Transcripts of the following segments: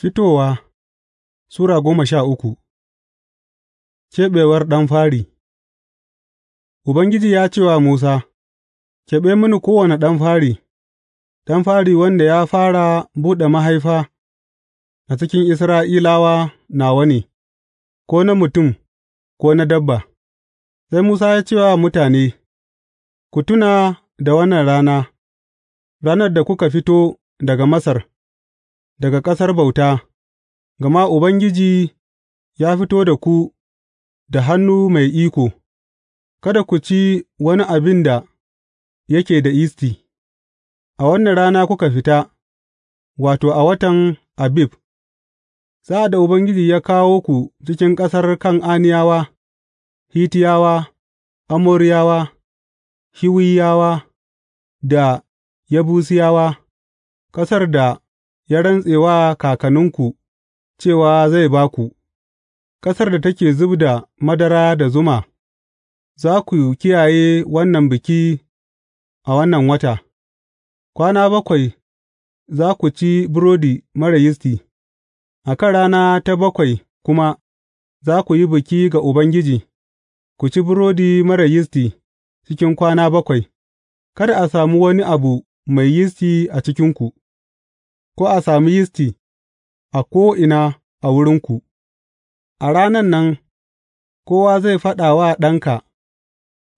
Fitowa Sura goma sha uku Keɓewar ɗan fari Ubangiji ya ce wa Musa, Keɓe mini kowane ɗan fari, ɗan fari wanda ya fara buɗe mahaifa a cikin Isra'ilawa nawa ne, ko na mutum, ko na dabba. Sai Musa ya ce wa mutane, Ku tuna da wannan rana, ranar da kuka fito daga Masar. daga ƙasar bauta, gama Ubangiji ya fito da ku da hannu mai iko, kada ku ci wani abin da yake da yisti, a wannan rana kuka fita, wato, a watan Abib, sa'ad da Ubangiji ya kawo ku cikin ƙasar Kan'aniyawa, Hitiyawa, Amoriyawa, Hiwiyawa da Yabusiyawa ƙasar da ya rantse wa kakanninku cewa zai ba ku, ƙasar da take zub da madara da zuma, za ku kiyaye wannan biki a wannan wata, kwana bakwai za ku ci burodi marar yisti, a kan rana ta bakwai kuma za ku yi biki ga Ubangiji, ku ci burodi marar yisti cikin kwana bakwai, kada a sami wani abu mai yisti a cikinku. ko a sami yisti a ko'ina a wurinku, a ranan nan kowa zai faɗa wa ɗanka,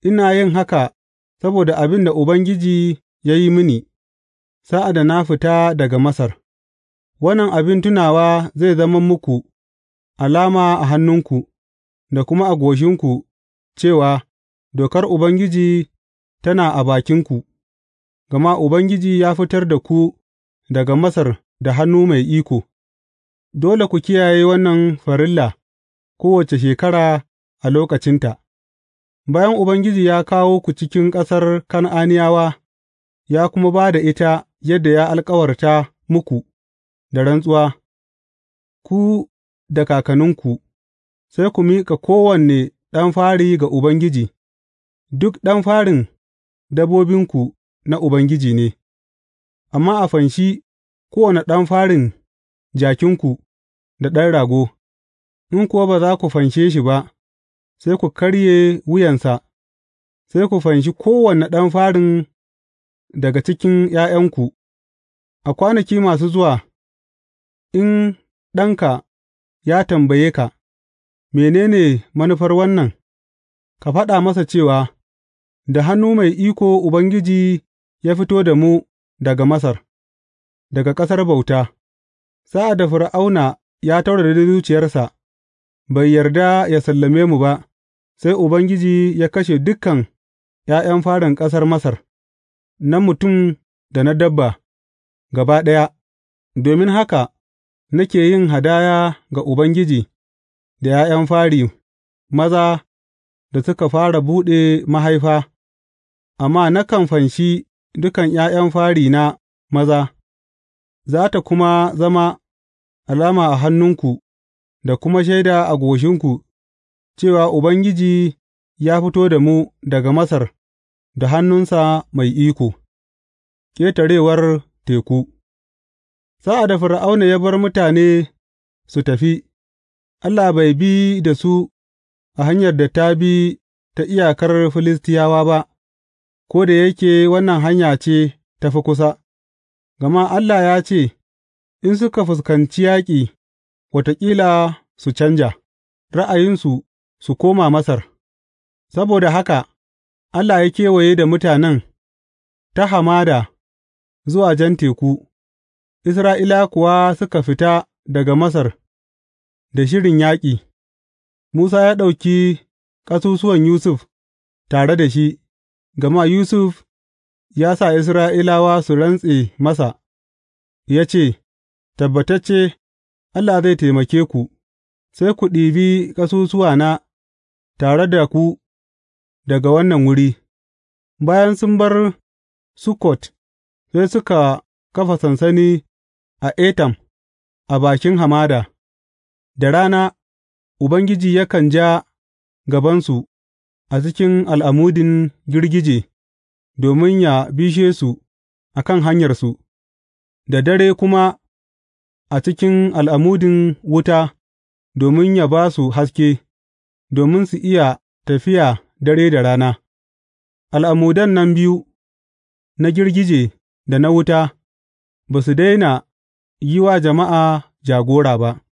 Ina yin haka saboda abin da Ubangiji ya yi mini sa'ad da na fita daga Masar, wannan abin tunawa zai zama muku alama a hannunku da kuma a goshinku cewa dokar Ubangiji tana a bakinku, gama Ubangiji ya fitar da ku. daga Masar da hannu mai iko, dole ku kiyaye wannan farilla kowace shekara a lokacinta, bayan Ubangiji ya kawo ku cikin ƙasar Kan'aniyawa ya kuma ba da ita yadda ya alkawarta muku da rantsuwa, ku da kakanninku, sai ku miƙa kowanne ɗan fari ga Ubangiji, duk ɗan farin dabbobinku na Ubangiji ne. amma a fanshi kowane ɗan farin jakinku da ɗan rago, in kuwa ba za ku fanshe shi ba, sai ku karye wuyansa, sai ku fanshi kowane ɗan farin daga cikin ’ya'yanku, a kwanaki masu zuwa, in ɗanka ya tambaye ka, Mene ne manufar wannan?’ ka faɗa masa cewa, Da hannu mai iko Ubangiji ya fito da mu daga Masar, daga ƙasar bauta, sa'ad da Fir'auna ya taurari zuciyarsa, bai yarda ya sallame mu ba, sai Ubangiji ya kashe dukan ’ya'yan farin ƙasar Masar, na mutum da na dabba, gaba ɗaya, domin haka nake yin hadaya ga Ubangiji da ’ya'yan fari maza da suka fara buɗe mahaifa, amma nakan fanshi dukan ’ya'yan fari na maza, za tă kuma zama alama a hannunku da kuma shaida a goshinku cewa Ubangiji ya fito da mu daga Masar da hannunsa mai iko. Ƙetarewar teku Sa'ad da Fir'auna ya bar mutane su tafi, Allah bai bi da su a hanyar da ta bi ta iyakar Filistiyawa ba. ko da yake wannan hanya ce ta fi kusa, gama Allah ya ce, In suka fuskanci yaƙi, wataƙila su canja, ra'ayinsu su koma Masar, saboda haka Allah ya kewaye da mutanen ta hamada zuwa Jan Teku, Isra'ila kuwa suka fita daga Masar da shirin yaƙi, Musa ya ɗauki ƙasusuwan Yusuf tare da shi. Gama Yusuf ya sa Isra'ilawa su rantse masa, ya ce, Tabbatacce Allah zai taimake ku, sai ku ɗibi ƙasusuwana tare da ku daga wannan wuri, bayan sun bar Sukkot, sai suka kafa sansani a Etam, a bakin hamada, da rana Ubangiji yakan ja gabansu a cikin al'amudin girgije domin ya bishe su a kan hanyarsu, da dare kuma a cikin al'amudin wuta domin ya ba su haske, domin su iya tafiya dare da rana. Al'amudan nan biyu, na girgije da na wuta, ba su daina yi wa jama'a jagora ba.